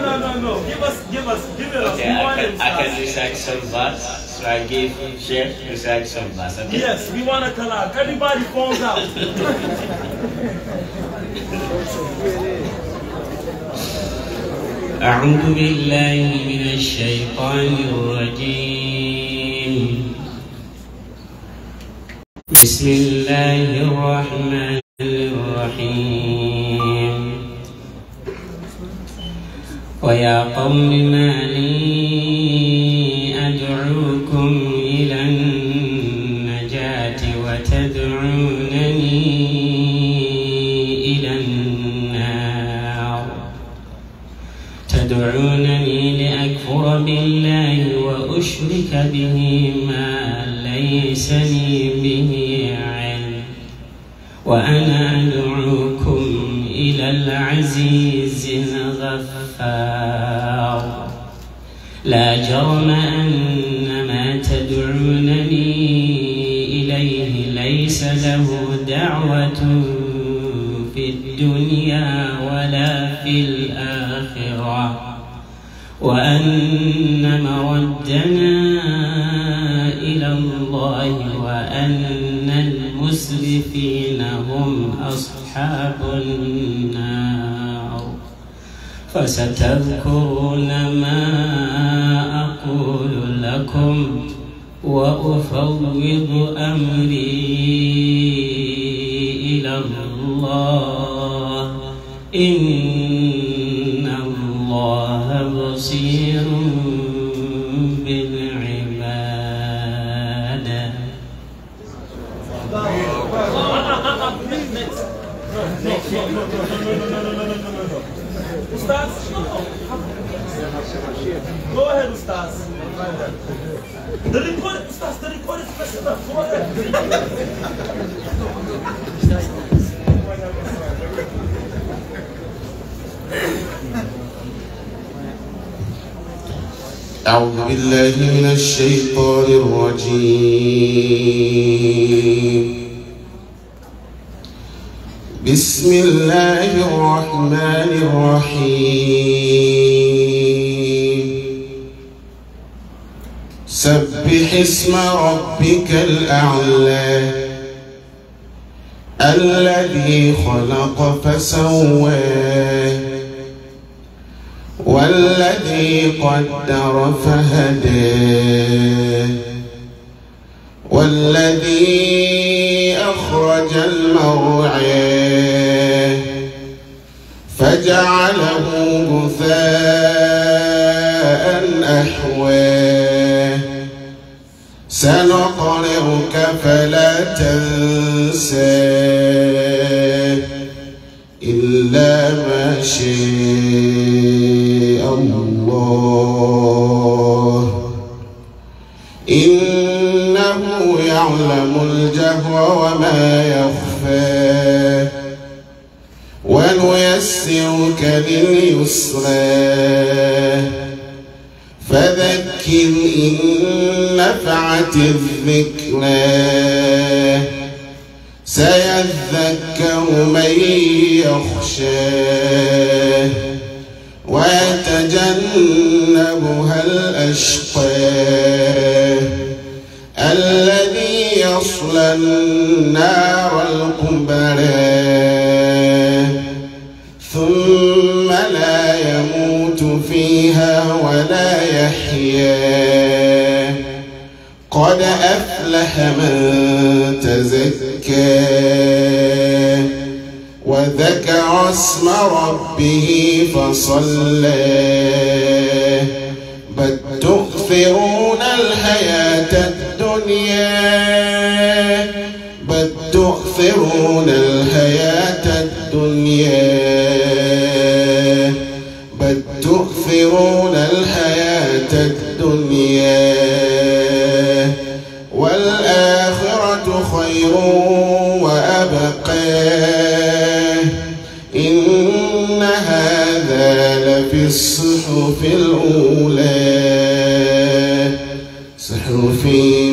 no, no, no, Give us, give us, give us. okay, we I want can, I can recite some verse. So I gave Chef recite some verse. Okay? Yes, we want to collab. Everybody falls out. أعوذ بالله من الشيطان الرجيم بسم الله الرحمن ويا قوم ما لي أدعوكم إلى النجاة وتدعونني إلى النار تدعونني لأكفر بالله وأشرك به ما ليس لي به علم وأنا أدعوكم إلى العزيز غفار لا جرم أن ما تدعونني إليه ليس له دعوة في الدنيا ولا في الآخرة وأن مردنا إلى الله وأن المسرفين هم أصحاب النار فستذكرون ما أقول لكم وأفوض أمري إلى الله إن الله بصير بالعباد Eustácio. Corre, Eustácio. Danicore, Eustácio, Danicore, você vai ser da fora. أعوذ بالله من الشيطان الرجيم بسم الله الرحمن الرحيم سبح اسم ربك الأعلى الذي خلق فسوى والذي قدر فهدى والذي أخرج المرعي فجعله غثاء أحواه سنقرئك فلا تنسى إلا ما شاء الله إنه يعلم الجهر وما يخفى ونيسرك لليسرى فذكر إن نفعت الذكرى سيذكر من يخشى ويتجنبها الأشقى الذي يصلى النار الكبرى ولا يحيى قد أفلح من تزكى وذكر اسم ربه فصلى بل تؤثرون الحياة الدنيا بل تؤثرون الحياة الدنيا تؤثرون الحياة الدنيا والآخرة خير وأبقى إن هذا لفي الصحف الأولى صحف